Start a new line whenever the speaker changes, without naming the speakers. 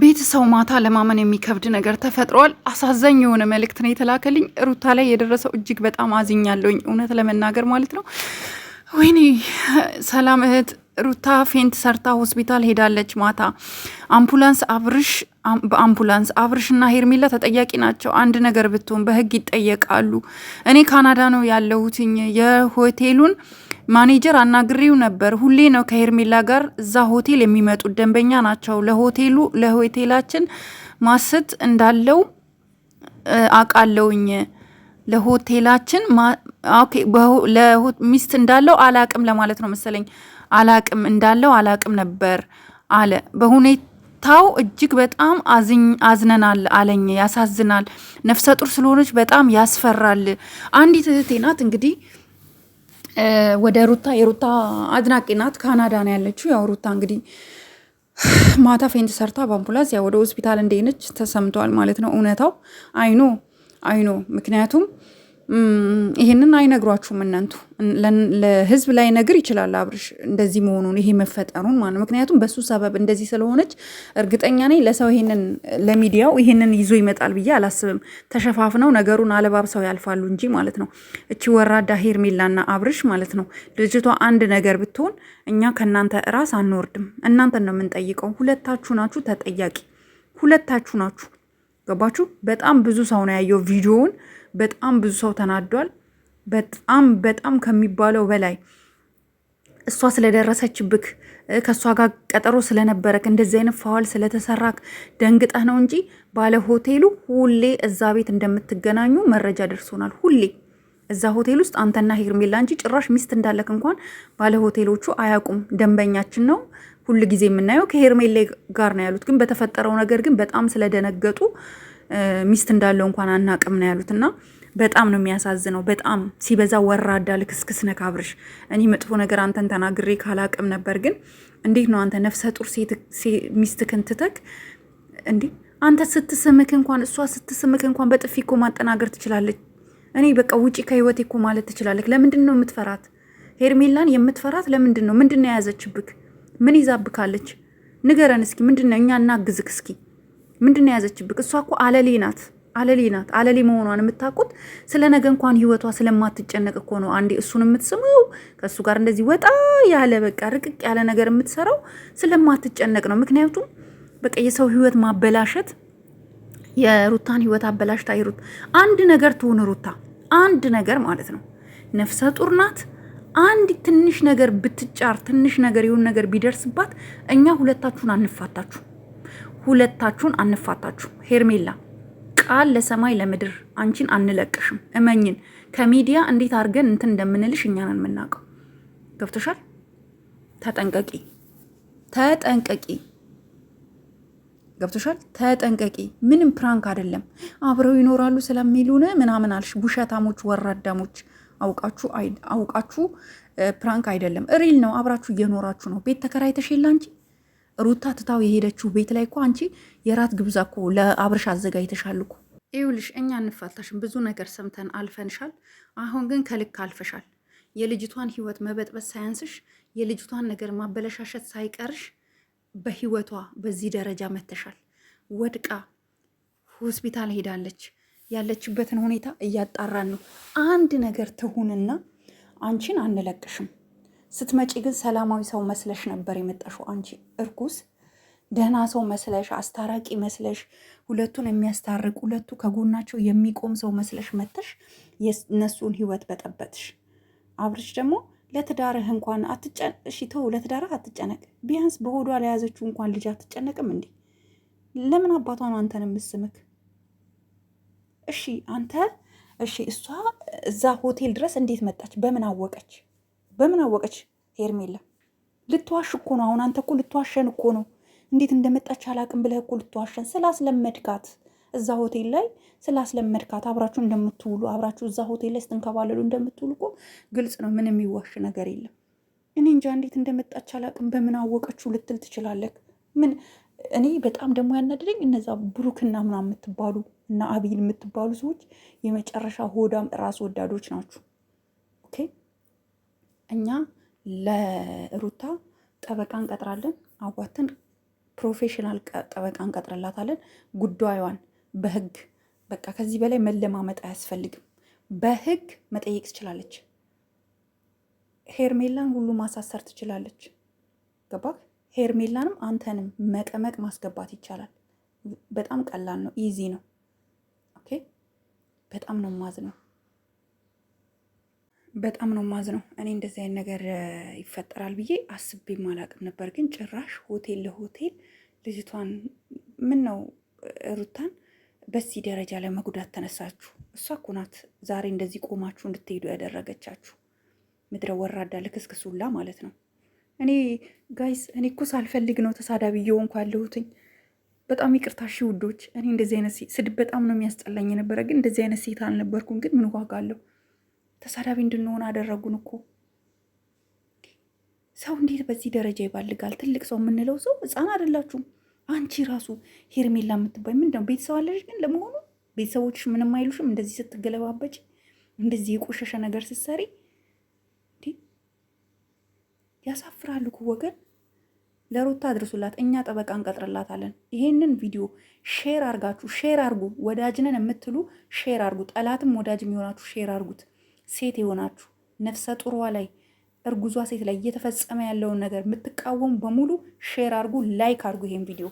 ቤት ሰው ማታ ለማመን የሚከብድ ነገር ተፈጥሯል። አሳዛኝ የሆነ መልእክት ነው የተላከልኝ። ሩታ ላይ የደረሰው እጅግ በጣም አዝኛለሁኝ፣ እውነት ለመናገር ማለት ነው። ወይኔ ሰላም እህት ሩታ ፌንት ሰርታ ሆስፒታል ሄዳለች። ማታ አምቡላንስ አብርሽ በአምቡላንስ አብርሽና ሄርሜላ ተጠያቂ ናቸው። አንድ ነገር ብትሆን በህግ ይጠየቃሉ። እኔ ካናዳ ነው ያለሁትኝ የሆቴሉን ማኔጀር አናግሬው ነበር። ሁሌ ነው ከሄርሜላ ጋር እዛ ሆቴል የሚመጡት ደንበኛ ናቸው። ለሆቴሉ ለሆቴላችን ማስት እንዳለው አቃለውኝ ለሆቴላችን ሚስት እንዳለው አላቅም ለማለት ነው መሰለኝ። አላቅም እንዳለው አላቅም ነበር አለ። በሁኔታው እጅግ በጣም አዝነናል አለኝ። ያሳዝናል። ነፍሰ ጡር ስለሆነች በጣም ያስፈራል። አንዲት እህቴ ናት እንግዲህ ወደ ሩታ የሩታ አድናቂ ናት። ካናዳ ነው ያለችው። ያው ሩታ እንግዲህ ማታ ፌንት ሰርታ በአምቡላንስ ያው ወደ ሆስፒታል እንደሄነች ተሰምቷል ማለት ነው። እውነታው አይኖ አይኖ ምክንያቱም ይሄንን አይነግሯችሁም እናንቱ። ለህዝብ ላይ ነግር ይችላል አብርሽ እንደዚህ መሆኑን ይሄ መፈጠሩን ማለት ምክንያቱም በሱ ሰበብ እንደዚህ ስለሆነች እርግጠኛ ነኝ ለሰው ይሄንን ለሚዲያው ይሄንን ይዞ ይመጣል ብዬ አላስብም። ተሸፋፍነው ነገሩን አለባብሰው ያልፋሉ እንጂ ማለት ነው። እቺ ወራዳ ሄርሜላና አብርሽ ማለት ነው። ልጅቷ አንድ ነገር ብትሆን እኛ ከእናንተ ራስ አንወርድም። እናንተን ነው የምንጠይቀው። ሁለታችሁ ናችሁ ተጠያቂ፣ ሁለታችሁ ናችሁ። ገባችሁ? በጣም ብዙ ሰው ነው ያየው ቪዲዮውን በጣም ብዙ ሰው ተናዷል። በጣም በጣም ከሚባለው በላይ እሷ ስለደረሰችብክ ከእሷ ጋር ቀጠሮ ስለነበረክ እንደዚህ አይነት ፋዋል ስለተሰራክ ደንግጠህ ነው እንጂ ባለ ሆቴሉ ሁሌ እዛ ቤት እንደምትገናኙ መረጃ ደርሶናል። ሁሌ እዛ ሆቴል ውስጥ አንተና ሄርሜላ እንጂ ጭራሽ ሚስት እንዳለክ እንኳን ባለ ሆቴሎቹ አያውቁም። ደንበኛችን ነው ሁል ጊዜ የምናየው ከሄርሜላ ጋር ነው ያሉት። ግን በተፈጠረው ነገር ግን በጣም ስለደነገጡ ሚስት እንዳለው እንኳን አናቅም ነው ያሉት እና በጣም ነው የሚያሳዝነው። በጣም ሲበዛ ወራዳ ልክስክስ ነክ አብርሽ። እኔ መጥፎ ነገር አንተን ተናግሬ ካላቅም ነበር፣ ግን እንዴት ነው አንተ ነፍሰ ጡር ሚስትክን ትተክ እንዴ? አንተ ስትስምክ እንኳን እሷ ስትስምክ እንኳን በጥፊ እኮ ማጠናገር ትችላለች። እኔ በቃ ውጪ ከህይወቴ እኮ ማለት ትችላለች። ለምንድን ነው የምትፈራት? ሄርሜላን የምትፈራት ለምንድን ነው? ምንድን ነው የያዘችብክ? ምን ይዛብካለች? ንገረን እስኪ ምንድን ነው? እኛ እናግዝክ እስኪ ምንድን ነው የያዘችብክ? እሷ እኮ አለሌ ናት አለሌ ናት። አለሌ መሆኗን የምታውቁት ስለ ነገ እንኳን ህይወቷ ስለማትጨነቅ እኮ ነው። አንዴ እሱን የምትስመው ከእሱ ጋር እንደዚህ ወጣ ያለ በቃ ርቅቅ ያለ ነገር የምትሰራው ስለማትጨነቅ ነው። ምክንያቱም በቃ የሰው ህይወት ማበላሸት የሩታን ህይወት አበላሽታ ይሩት አንድ ነገር ትሆን ሩታ አንድ ነገር ማለት ነው ነፍሰ ጡር ናት። አንድ ትንሽ ነገር ብትጫር ትንሽ ነገር ይሁን ነገር ቢደርስባት እኛ ሁለታችሁን አንፋታችሁ ሁለታችሁን አንፋታችሁ ሄርሜላ ቃል ለሰማይ ለምድር አንቺን አንለቅሽም። እመኝን ከሚዲያ እንዴት አድርገን እንትን እንደምንልሽ እኛን የምናውቀው። ገብቶሻል? ተጠንቀቂ፣ ተጠንቀቂ። ገብቶሻል? ተጠንቀቂ። ምንም ፕራንክ አይደለም። አብረው ይኖራሉ ስለሚሉን ምናምን አልሽ። ውሸታሞች፣ ወራዳሞች አውቃችሁ አውቃችሁ ፕራንክ አይደለም፣ ሪል ነው። አብራችሁ እየኖራችሁ ነው። ቤት ተከራይተሽ የለ አንቺ ሩታ ትታው የሄደችው ቤት ላይ እኮ አንቺ የራት ግብዣ እኮ ለአብርሽ አዘጋጅተሻል እኮ። ይኸውልሽ እኛ እንፋታሽን ብዙ ነገር ሰምተን አልፈንሻል። አሁን ግን ከልክ አልፈሻል። የልጅቷን ህይወት መበጥበጥ ሳያንስሽ የልጅቷን ነገር ማበለሻሸት ሳይቀርሽ በህይወቷ በዚህ ደረጃ መተሻል። ወድቃ ሆስፒታል ሄዳለች። ያለችበትን ሁኔታ እያጣራን ነው። አንድ ነገር ትሁንና አንቺን አንለቅሽም። ስትመጪ ግን ሰላማዊ ሰው መስለሽ ነበር የመጣሽው። አንቺ እርኩስ ደህና ሰው መስለሽ አስታራቂ መስለሽ ሁለቱን የሚያስታርቅ ሁለቱ ከጎናቸው የሚቆም ሰው መስለሽ መተሽ የነሱን ህይወት በጠበትሽ። አብርሽ ደግሞ ለትዳርህ እንኳን እሺ ተው፣ ለትዳርህ አትጨነቅ። ቢያንስ በሆዷ ለያዘችው እንኳን ልጅ አትጨነቅም እንዴ? ለምን አባቷን አንተን የምስምክ? እሺ አንተ እሺ፣ እሷ እዛ ሆቴል ድረስ እንዴት መጣች? በምን አወቀች? በምን አወቀች ሄርሜላ? ልትዋሽ እኮ ነው። አሁን አንተ እኮ ልትዋሸን እኮ ነው። እንዴት እንደመጣች አላቅም ብለህ እኮ ልትዋሸን ስላስለመድካት እዛ ሆቴል ላይ ስላስለመድካት አብራችሁ እንደምትውሉ አብራችሁ እዛ ሆቴል ላይ ስትንከባለሉ እንደምትውሉ እኮ ግልጽ ነው። ምን የሚዋሽ ነገር የለም። እኔ እንጃ እንዴት እንደመጣች አላቅም በምን አወቀችሁ ልትል ትችላለህ። ምን እኔ በጣም ደግሞ ያናደደኝ እነዛ ብሩክና ምናምን የምትባሉ እና አብይል የምትባሉ ሰዎች የመጨረሻ ሆዳም ራስ ወዳዶች ናቸው። እኛ ለሩታ ጠበቃ እንቀጥራለን፣ አዋተን ፕሮፌሽናል ጠበቃ እንቀጥርላታለን። ጉዳዩን በህግ በቃ ከዚህ በላይ መለማመጥ አያስፈልግም። በህግ መጠየቅ ትችላለች። ሄርሜላን ሁሉ ማሳሰር ትችላለች። ገባ? ሄርሜላንም አንተንም መቀመቅ ማስገባት ይቻላል። በጣም ቀላል ነው፣ ኢዚ ነው። ኦኬ። በጣም ነው ማዝ ነው። በጣም ነው ማዝ ነው። እኔ እንደዚህ አይነት ነገር ይፈጠራል ብዬ አስቤም አላቅም ነበር። ግን ጭራሽ ሆቴል ለሆቴል ልጅቷን ምን ነው ሩታን በዚህ ደረጃ ለመጉዳት ተነሳችሁ? እሷ እኮ ናት ዛሬ እንደዚህ ቆማችሁ እንድትሄዱ ያደረገቻችሁ። ምድረ ወራዳ ልክስክስ ማለት ነው። እኔ ጋይስ እኔ እኮ ሳልፈልግ ነው ተሳዳቢ እየሆንኩ ያለሁትኝ። በጣም ይቅርታ ሺ ውዶች። እኔ እንደዚህ አይነት ስድብ በጣም ነው የሚያስጠላኝ የነበረ፣ ግን እንደዚህ አይነት ሴት አልነበርኩም። ግን ምን ዋጋ አለው? ተሳዳቢ እንድንሆን አደረጉን እኮ። ሰው እንዴት በዚህ ደረጃ ይባልጋል? ትልቅ ሰው የምንለው ሰው ህፃን አይደላችሁም። አንቺ ራሱ ሄርሜላ የምትባይ ምንድነው ቤተሰብ አለሽ? ግን ለመሆኑ ቤተሰቦችሽ ምንም አይሉሽም? እንደዚህ ስትገለባበጭ፣ እንደዚህ የቆሸሸ ነገር ስትሰሪ ያሳፍራሉ እኮ ወገን። ለሩታ አድርሱላት፣ እኛ ጠበቃ እንቀጥርላታለን። ይሄንን ቪዲዮ ሼር አርጋችሁ ሼር አርጉ። ወዳጅነን የምትሉ ሼር አርጉት። ጠላትም ወዳጅ የሚሆናችሁ ሼር አርጉት። ሴት የሆናችሁ ነፍሰ ጡሯ ላይ እርጉዟ ሴት ላይ እየተፈጸመ ያለውን ነገር የምትቃወሙ በሙሉ ሼር አርጉ፣ ላይክ አርጉ ይሄን ቪዲዮ።